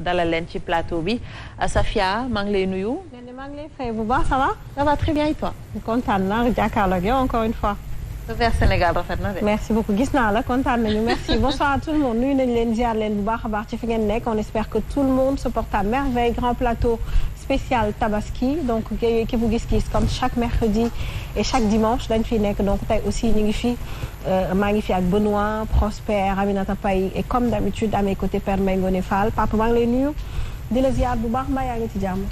dalal leen ci plateau bi Safia maa ngi lay nuyu. maa ngi lay fay bu baax ça va. ça va très bien et toi. kontaan naa jàkkaarloo ak yow encore une fois. vers Sénégal rafet na de. merci beaucoup gis naa la kontaan nañu merci bonsoir à tout le monde nuyu nañu leen ziar leen bu baax a baax ci fi ngeen nekk on espère que tout le monde se porte à merveille grand plateau. spécial tabaski donc équipe bu gis-gis comme chaque mercredi et chaque dimanche dañ fiy nekk donc tey aussi ñu ngi fi euh, maa ngi fi ak Benoît Prosper Aminata Paye et comme d'habitude à mes côtés Père Mbaye Ngoné Fall papa maa ngi lay nuyu di la ziar bu baax mbaa ngi ci jàmm.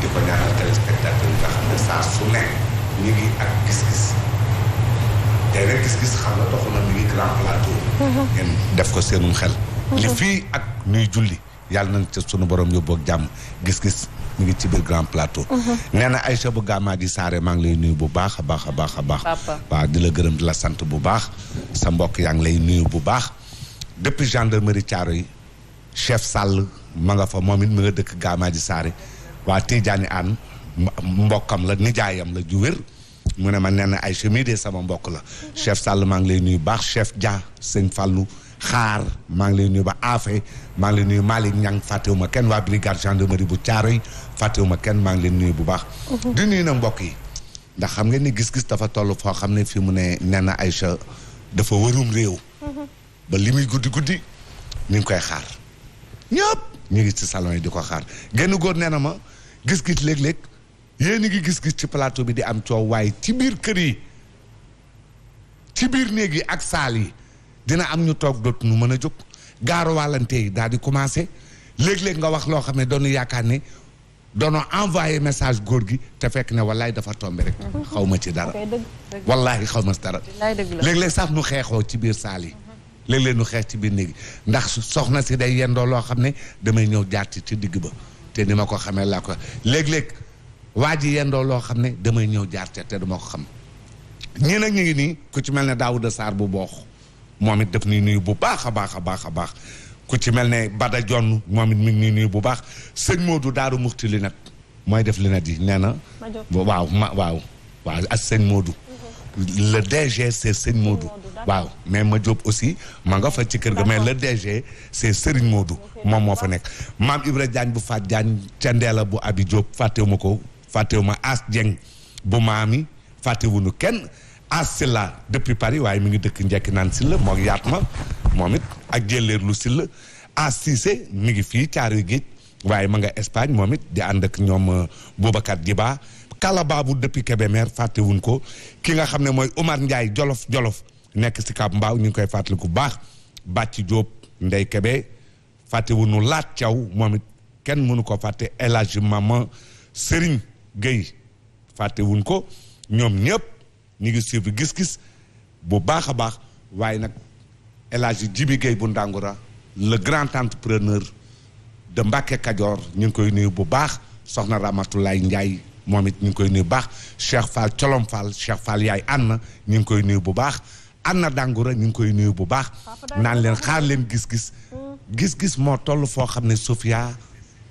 di ko ñaanal téléspectateur yi nga xam ne saa su nekk ñu ak gis-gis tey rek gis-gis xam nga doxu na mi ngi grand plateau. Mhm. ngeen def ko seenum xel. Mhm. li fii ak nuy julli yàlla nañ ca sunu borom yóbbu ak jàmm gis-gis mu ngi ci biir grand plateau. Mhm. nee na Aïcha bu gaamaa di saare maa ngi lay nuyu bu baax a baax a baax a baax. di la gërëm di la sant bu baax. sa mbokk yaa ngi lay nuyu bu baax. depuis gendarmerie caaro yi chef sàll ma nga fa moom it mi nga dëkk gaamaa di saare. waa Tijaani an mbokkam la nijaayam la ju wér mu ne ma nee na ay chemise de sama mbokk la chef Sall maa ngi lay nuyu baax chef Dia sëñ Fallou xaar maa ngi lay nuyu ba Afe maa ngi lay nuyu Malick Niang fàttewuma kenn waa brigade gendarmerie bu Thiaroye fàttewuma kenn maa ngi leen nuyu bu baax. di nuyu na mbokk yi. ndax xam nga ni gis-gis dafa toll foo xam ne fii mu ne nee na Aïcha dafa wërum réew. ba li muy guddi guddi ni ngi koy xaar ñu ngi ci salon yi di ko xaar genn góor nee na ma gis-gis léeg-léeg yéen a ngi gis-gis ci palateau bi di am coow waaye ci biir kër yi ci biir néeg yi ak saal yi dina am ñu toog doot nu mën a jóg gaaru wàllante yi daal di commencé léeg-léeg nga wax loo xam ne doonu yaakaar ne doonoo envoyé message góor gi te fekk ne wallaay dafa tombé rek mm-hmm. xaw ma ci dara wallaay xaw ma ci dara léeg-léeg sax nu xeexoo ci biir saal yi léeg-léeg nu xeex ci biir néegi ndax soxna si day yendoo loo xam ne damay ñëw jaar ci digg ba te ni ma ko xamee laa ko léeg waa ji yendoo loo xam ne damay ñëw jaar ca te ko xam ñii nag ñu ngi nii ku ci mel ne Daouda Sarr bu boox moom it def ni nuyu bu baax a baax a baax a baax ku ci mel ne Bada Jonn moom it mi nii nuyu bu baax sëñ Modou Daaru Muxti li nag mooy def li nag yi nee na waaw ma waaw waaw ak sëñ Modou le DG c' est Serigne Modou waaw mais ma Diop aussi ma nga fa ci kër ga mais le DG c' est Serigne Modou moom moo fa nekk maam Ibra Diagne bu Faat Diagne ca Ndeela bu Abi Diop fàttewuma ko fàttewuma As Dieng bu maami fàttewunu kenn As Silla depuis Paris waaye mi ngi dëkk njekki naan Silla moo yaat ma moom it ak jëleer lu Silla As Cissé mi ngi fii Caaroy Géej waaye ma nga Espagne moom it di ànd ak ñoom euh, Boubacar Diba kalabaabu depuis Kébémer fàttewuñ ko ki nga xam ne mooy Omar Ndiaye jolof jolof nekk si Kaab Mbaaw ñu ngi koy fàttaliku bu baax Bàcc Jóob Ndey Kebe fàttewuñu Laat Caw moom it kenn mënu ko fàtte El Hadji Maman Serigne fàttewuñ ko ñoom ñëpp ñu ngi suivre gis-gis bu baax a baax waaye nag El Hadji Jibi Gueye bu Ndàngura le grand entrepreneur de Mbàkke Kajoor ñu ngi koy nuyu bu baax soxna Ramatulaay Njaay moom it ñu ngi koy nuyu bu baax Cheikh Fall Colom Fall Cheikh Fall yaay Anna ñu ngi koy nuyu bu baax Anna Dangoura ñu ngi koy nuyu bu baax naan leen xaar leen gis-gis hmm. gis-gis moo toll foo xam ne Sofia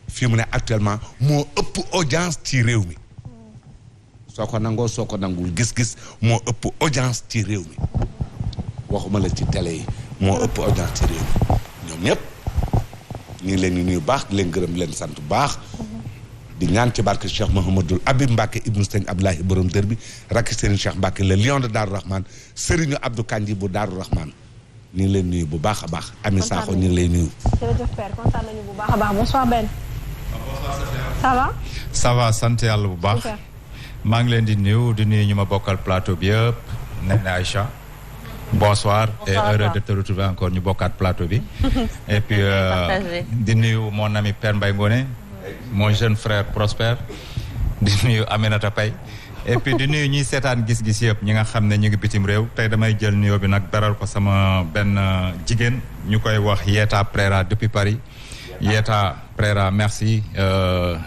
fii mu ne actuellement moo ëpp audience ci réew mi hmm. soo ko nangoo soo ko nangul gis-gis moo ëpp audience ci réew mi waxuma la ci télé yi moo ëpp audience ci réew mi ñoom ñëpp ñu ngi leen di nuyu baax leen gërëm leen sant bu baax hmm. di ñaan ci barke Cheikh Mouhamadul Habib Mbacke ibnu Sëñ Abdoulahi borom dër bi rakk Serigne Cheikh Mbacke le lion de Darou Rahman Serigne Abdou Kandji bu Darou Rahman ñu ngi leen nuyu bu baax a baax. Ami Sakho ñu ngi lay nuyu. jërëjëf bu baax a baax bonsoir Ben. ça va. ça sant yàlla bu baax. maa ngi leen di nuyu di nuyu ñu ma bokkal plateau bi yëpp. nee na Aïcha. bonsoir et heureux de te retrouver encore ñu bokkaat plateau bi. et euh, di nuyu mon ami Père Mbaye mon jeune frère Prospère di nuyu Aminata Paye et puis di nuy ñuy seetaan gis-gis yëpp ñi nga xam ne ñu ngi bitim réew tey damay jël nuyoo bi nag beral ko sama benn jigéen ñu koy wax Yeta Prera depuis Paris Yeta Prera merci euh,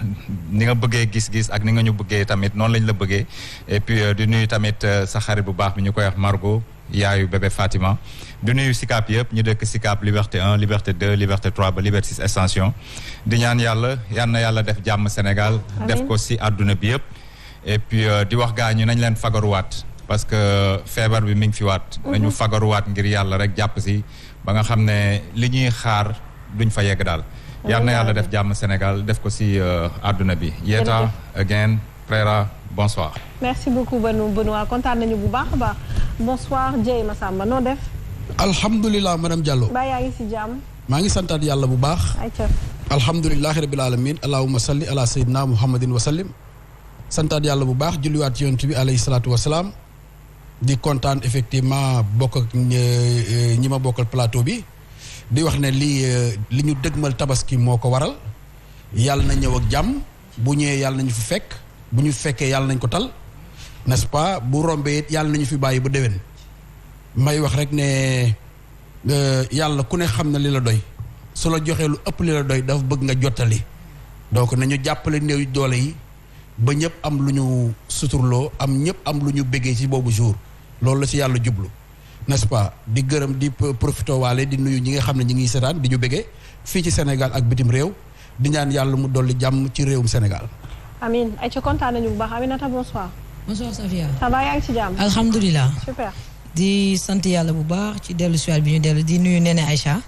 ni nga bëggee gis-gis ak ni nga ñu bëggee tamit noonu lañ la bëggee et euh, di nuy tamit euh, sa xarit bu baax bi ñu koy wax Margot yaayu bébé Fatima du nuyu Sicap yëpp ñu dëkk Sicap Liberté 1 Liberté 2 Liberté 3 ba Liberté 6 extension di ñaan yàlla yal na yàlla def jàmm Sénégal def ko si àdduna bi yëpp et euh, di wax gaa nañ leen fagaruwaat parce que feebar bi mi ngi fi waat mhm. nañu fagaruwaat ngir yàlla rek jàpp si ba nga xam ne li ñuy xaar duñ fa yegg daal yal na yàlla def jàmm Sénégal def ko si euh, àdduna bi yeeta again Préra bonsoir. merci beaucoup Benoît kontaan nañu bu maa ngi santaat yàlla bu baax. ayca alhamdulilahi rabil alamin allahuma salli ala sayyidina muhammadin wa sallim. santaat yàlla bu baax julliwaat ci yonent bi alayhi salaatu wa salaam di kontaan effectivement bokk e, ñi ma bokkal plateau bi di wax ne lii e, li ñu dëgmal tabaski moo ko waral yàlla na ñëw ak jàmm bu ñëwee yàlla nañu fi fekk. bu ñu fekkee yàlla nañ ko tal nest pas bu rombee yàlla nañu fi bàyyi ba déwén may wax rek ne euh, yàlla ku ne xam na li la doy su la joxee lu ëpp li la doy dafa bëgg nga jottali donc nañu jàppale néew doole yi ba ñëpp am lu ñu suturloo am ñëpp am lu ñu béggee ci boobu jour loolu la ci yàlla jublu n'est-ce pas di gërëm di profito waale di nuyu ñi nga xam ne ñi ngi seetaan di ñu béggee fii ci Sénégal ak bitim réew di ñaan yàlla mu dolli jàmm ci réewum Sénégal amin ay ci kontaan nañu bu baax Aminata bonsoir. bonsoir Safia. ça va yaa ngi ci jàmm. alhamdulilah. di sant yàlla bu baax ci dellu si bi ñu dellu di nuyu Nene Aïcha.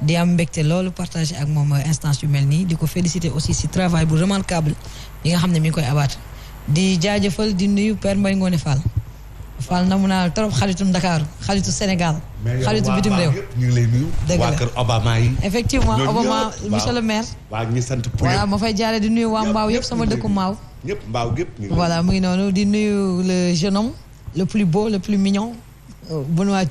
di am mbégte loolu partagé ak moom euh, instance yu mel nii di ko féliciter aussi si travail bu remarquable yi nga xam ne mi ngi koy abaat. di jaajëfal di nuyu Père Mbaye Ngone fa na mu naa trop xaritu Ndakaaru xaritu Sénégal. xaritu bitim réew ñu ngi lay Obama yi. effectivement Obama monsieur le maire. waa sant voilà ma fay jaaree di nuyu waa Mbaaw yëpp sama dëkku Mbaaw. ñëpp Mbaaw voilà mu ngi noonu di nuyu le jeune homme le plus beau le plus mignon euh, Benoît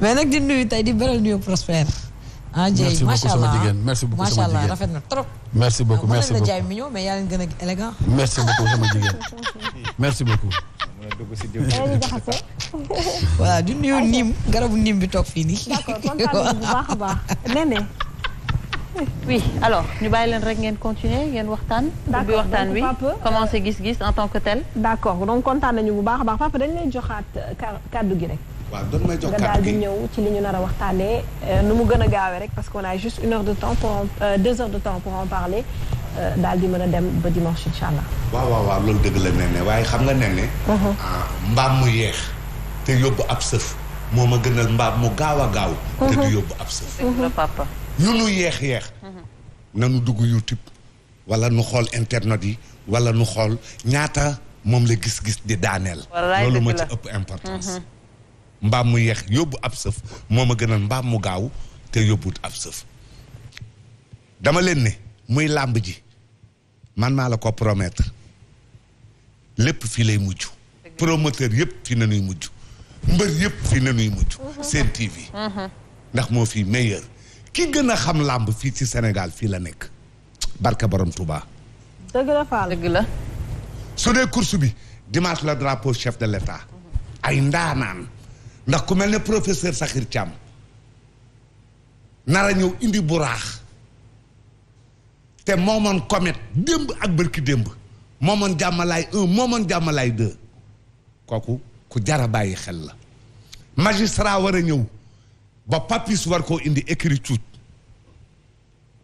mais nag di nuyu tey di beral nuyu Prospère. ah Ndiaye macha allah merci beaucoup sama jigéen merci beaucoup sama jigéen rafet na trop. merci beaucoup ah, merci beaucoup ah mën mais yaa leen gën a élégant. merci beaucoup sama jigéen merci beaucoup. voilà du nuyu niim garabu niim bi toog fii nii. d'accord kontaan bu baax a baax Néné. oui alors ñu bàyyi leen rek ngeen continuer ngeen waxtaan. ubbi waxtaan wi euh, commencer gis-gis en tant que tel. d'accord donc kontaan nañu bu baax a baax papa dañu lay joxaat euh, kàddu gi rek. waaw doon may jox kàddu gi ñëw ci li ñu nar a euh, nu mu gën a gaawee rek parce qu'on a juste une heure de temps pour en euh, parler euh, daal di mën a dem ba dimanche incha allah. waaw waaw loolu dëgg la nee ne waaye xam nga nee ne. Uh-huh. Ah, mbaam mu yeex te yóbbu ab sëf moo ma gënal mbaam mu gaaw a gaaw. te du uh-huh. yóbbu ab sëf. papa. ñu nu yeex yeex. Uh-huh. nanu dugg YouTube wala nu xool internet yi wala nu xool ñaata moom la gis-gis di daaneel. loolu ma ci ëpp importance. mbaam mu yeex yóbbu ab sëf moo ma gënal mbaam mu gaaw te yóbbuwut ab sëf dama leen ne muy làmb ji man maa la ko promettre lépp fii lay mujj promoteur yëpp fi nañuy mujj mbër yëpp fi nañuy mujj mhm. seen TV mhm. ndax moo fii meilleur ki gën a xam làmb fii ci senegal fii la nekk barka borom Touba. dëgg la Fall su dee course bi dimanche la drapeau chef de l' mhm. ay ndaanaan ndax ku mel ni professeur Sakhir Thiam nara ñëw indi buraax te moomoon komet démb ak bërki démb moomoon jàmmalaay un moomoon jàmmalaay deux kooku ku jara bàyyi xel la magistrat war a ñëw ba papis war koo indi écrit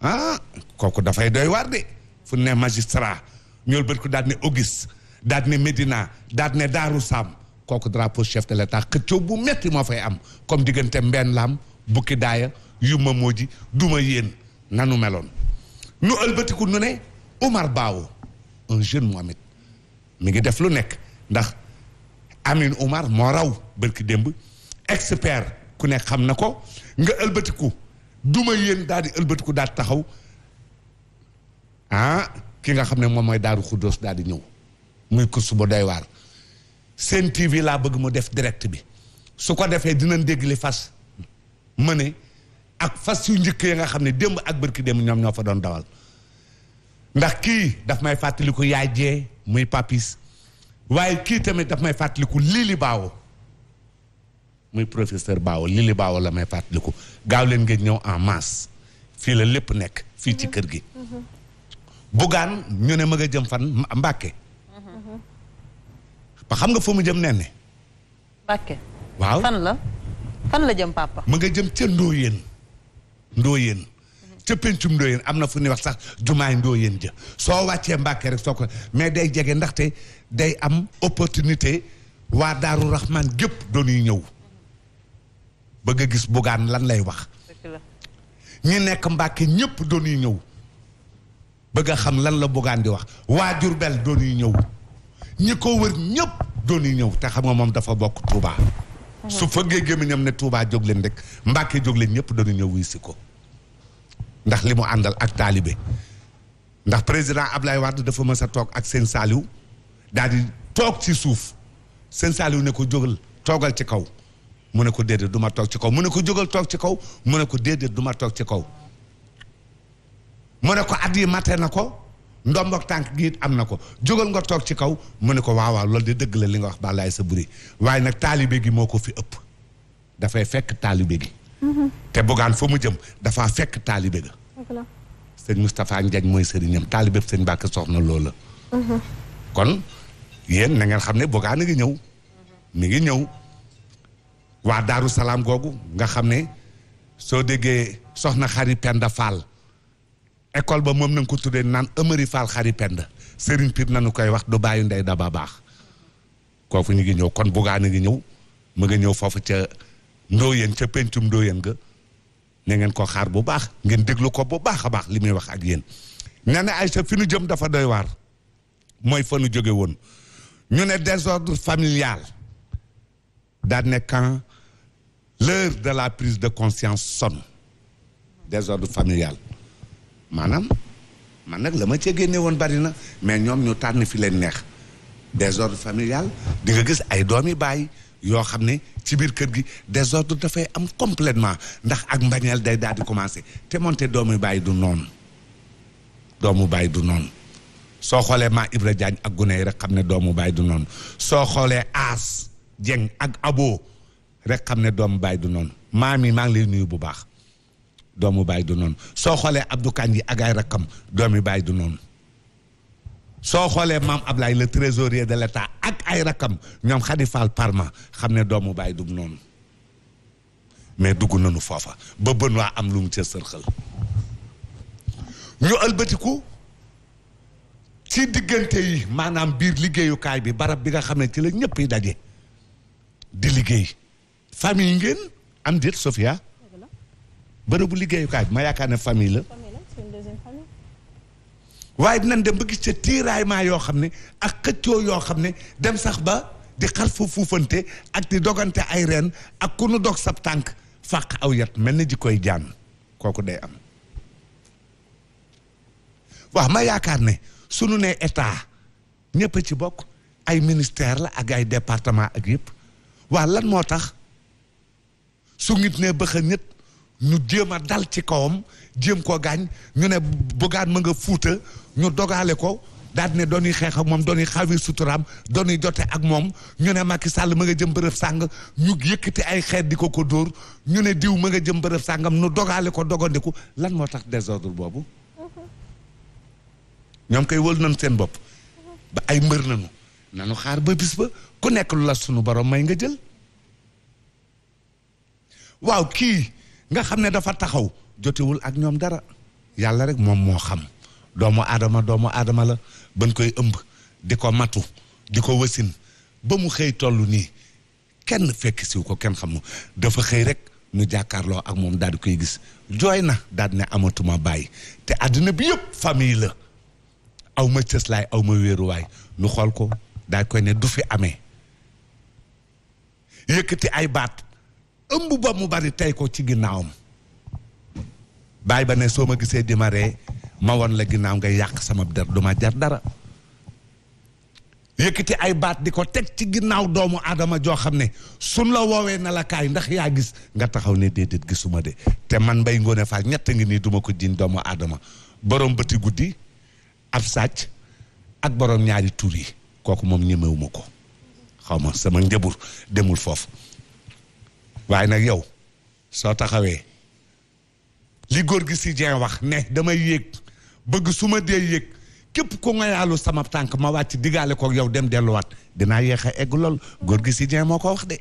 ah, kooku dafay doy waar de fu ne magistrat ñool bët ko daat ne Auguste ne Médina daat ne Daaru Sam kooku drapeau chef de l'état xëccoo bu metti moo fay am comme diggante mbenn laam bukki daaya yu moo ji duma yéen nanu meloon nu ëlbatiku nu ne Omar Bao un jeune Mohamed mi ngi def lu nekk ndax Amin Omar moo raw bërki démb expert ku nekk xam na ko nga ëlbatiku duma yéen daal di ëlbatiku daal taxaw ah ki nga xam ne moom mooy daaru xuddoos daal di ñëw muy course bu doy waar seen TV laa bëgg mu def direct bi su ko defee dina dégg li fas ma ne ak fas yu njëkk yi nga xam ne démb ak bërki démb ñoom ñoo fa doon dawal ndax kii daf may fàttaliku yaay jee muy papis waaye kii tamit daf may fàttaliku lili baawo muy professeur baawo lili baawo la may fàttaliku gaaw leen ngeen ñëw en masse fii la lépp nekk fii ci kër gi mm-hmm. buggaan ñu ne ma nga jëm fan Mbàkke ba xam nga fa mu jëm nenne. Mbàkke. waaw fan la fan la jëm papa. ma nga jëm ca Ndoyeen Ndoyeen. ca pencum Ndoyeen am na fu ñuy wax sax jumaay Ndoyeen ja soo wàccee Mbàkke rek soo ko mais day jege ndaxte day am opportunité waa Daaru Rahman gépp doonuy ñëw bëgg gis bugaan lan lay wax. ñi nekk Mbàkke ñëpp doonuy ñëw bëgg a xam lan la buggaan di wax waa jur bel Jurbel yu ñëw. ñi ko wër ñëpp doon ñu ñëw te xam nga moom dafa bokk Touba. su fëggee gémmiñam ne tuubaa jóg leen rek Mbàkke jóg leen ñëpp doon ñëw wuy si ko. ndax li mu àndal ak taalibe ndax président Ablaye Wade dafa mës a toog ak seen saaliw daal di toog ci suuf seen saaliw ne ko jógal toogal ci kaw mu ne ko déedéet duma toog ci kaw mu ne ko jógal toog ci kaw mu ne ko déedéet du toog ci kaw mu ne ko at yi mate na ko. ndombok tànk gii am na ko jógal nga toog ci kaw mu ne ko waawaaw loolu de dëgg la li nga wax bàllaay sa buri waaye nag taalibe gi moo ko fi ëpp dafay fekk taalibe gi mhm. te bugaan fa mu jëm dafaa fekk taalibe ga sëñ Moustapha Ndiagne mooy sëriñam taalibe sëñ Mbàkke soxna loolu la mhm. kon yéen na ngeen xam ne bugaan a ngi ñëw mi ngi ñëw waa Daaru Salaam googu nga xam ne soo déggee soxna xari Penda école ba moom na nga ko tuddee naan Amari Fall xari pend Serigne piir nanu koy wax du bàyyi ndey daba baax koofu ñu ngi ñëw kon bugaan a ngi ñëw mu nga ñëw foofu ca ndóoyeen ca pencum ndóoyeen ga ne ngeen ko xaar bu baax ngeen déglu ko bu baax a baax li muy wax ak yéen nee na Aïcha fi nu jëm dafa doy waar mooy fa nu jóge woon ñu ne désordre familial daa ne quand l'heure de la prise de conscience sonne désordre familial maanaam man nag la ma cee génne woon bari na mais ñoom ñu tànn fi leen neex désordre familial di nga gis ay doomi baay yoo xam ne ci biir kër gi désordre dafay am completement ndax ak mbañeel day daal di commencer te moonte doomu bàyyi du noonu doomu baay du noonu soo xoolee maa Ibra Diagne ak gune yi rek xam ne doomu baay du noonu soo xoolee aas jeng ak abo rek xam ne doomu baay du noonu maa mi maa ngi lay nuyu bu baax doomu baay du noonu soo xoolee Abdou Kandji ak ay rakkam doomi baay du noonu soo xoolee maam Ablaye le trésorier de l'État ak ay rakkam ñoom Khady Fall Parma xam ne doomu baay du noonu mais dugg nanu foofa ba bën waa am lu mu ca sërxal ñu ëlbatiku ci diggante yi maanaam biir liggéeyukaay bi barab bi nga xam ne ci la ñëpp yi daje di liggéey famille ngeen am déet Sofia bërëbu liggéeyukaay bi ma yaakaar ne famille la. waaye dinañ dem ba gis ca tiiraaymaa yoo xam ne ak xëccoo yoo xam ne dem sax ba di xar fa fuufante ak di dogante ay reen ak ku nu dog sab tànk fàq aw yat mel ni ji koy jaan kooku day am. waaw ma yaakaar ne sunu nee état ñëpp ci bokk ay ministère la ak ay département ak yëpp waa lan moo tax su ngit ne bëx ñu jéem a dal ci kawam jéem koo gaañ ñu ne Bougane ma nga fuuta ñu dogaale ko daal ne doon xeex moom doon nañu xawi suturaam doon jote ak moom ñu ne Macky sàll ma nga jëm bërëb sàng ñu yëkkati ay xeet di ko ko dóor ñu ne diw ma nga jëm bërëb sàngam nu dogaale ko dogandiku lan moo tax désordre boobu. ñoom koy wël nañ seen bopp. ba ay mbër nañu. nanu xaar ba bis ba ku nekk lu la suñu borom may nga jël. waaw kii. nga xam ne dafa taxaw jotewul ak ñoom dara yàlla rek moom moo xam doomu aadama doomu aadama la bañ koy ëmb di ko matu di ko wasin ba mu xëy toll nii kenn fekk siw ko kenn xam nu dafa xëy rek nu jàkkaarloo ak moom daal di koy gis jooy na daal di ne amatuma bàyyi te àddina bi yëpp famille la aw ma cëslaay aw ma wéeruwaay nu xool ko daal koy ne du fi amee yëkkati ay baat ëmb ba mu bari tey ko ci ginnaawam baay ba ne soo ma gisee di ma ree ma won la ginnaaw nga yàq sama der du ma jar dara yëkkati ay baat di ko teg ci ginnaaw doomu aadama joo xam ne suñ la woowee na la kaay ndax yaa gis nga taxaw ne déedéet gisuma de te man Mbaye Ngoné Fall ñett ngi nii duma ko jiin doomu aadama borom bëti guddi ab sàcc ak borom ñaari tur yi kooku moom ñemewuma ko xaw ma sama njëbur demul foofu waaye nag yow soo taxawee li góor gi si Dieng wax ne damay yéeg bëgg su ma dee yéeg képp ko nga yaalu sama tànk ma wàcc diggaale kook yow dem delluwaat dinaa yéex a egg lool góor gi si Dieng moo ko wax de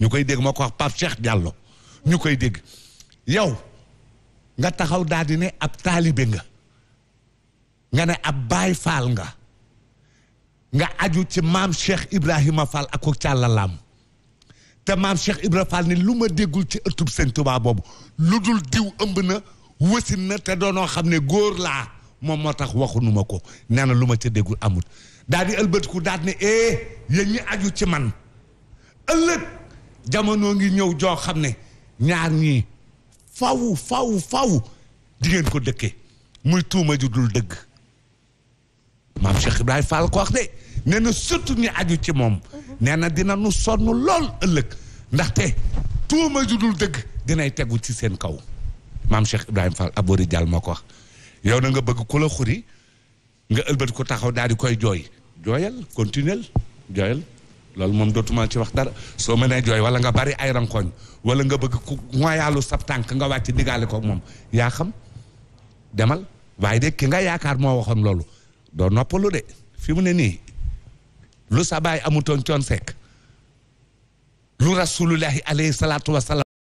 ñu koy dégg moo ko wax Pape Cheikh Diallo ñu koy dégg yow nga taxaw daal ne ab taalibe nga nga ne ab baay faal nga nga aju ci maam Cheikh Ibrahima Fall ak ko càllalaam te maam Cheikh Ibra Fall ne lu ma déggul ci ëttub sëñ Tuubaa boobu lu dul diw ëmb na wasin na te doonoo xam ne góor laa moom moo tax waxunuma ko nee na lu ma ci déggul amut daal di ëlbatiku daal ne eh yéen aju ci man ëllëg jamono ngi ñëw joo xam ne ñaar ñii faw faw faw di ko dëkke muy tuuma ju dul dëgg maam Cheikh Ibrahima Fall ko wax de nee na surtout ñu aju ci moom nee na dina nu sonn lool ëllëg ndaxte tuuma ju dul dëgg dinay tegu ci seen kaw maam Cheikh Ibrahima Fall Aboori Dial moo ko wax yow na nga bëgg ku la xuri nga ëlbat ko taxaw daal di koy jooy jooyal continuel jooyal loolu moom dootuma ci wax dara soo mënee jooy wala nga bari ay rankooñ wala nga bëgg ku moyaalu sab tànk nga wàcc diggaale ko moom yaa xam demal waaye de ki nga yaakaar moo waxoon loolu doo noppalu de fi mu ne nii lu sa baay amutoon coon sekk lu rasulullahi alayhi salaatu wasalaam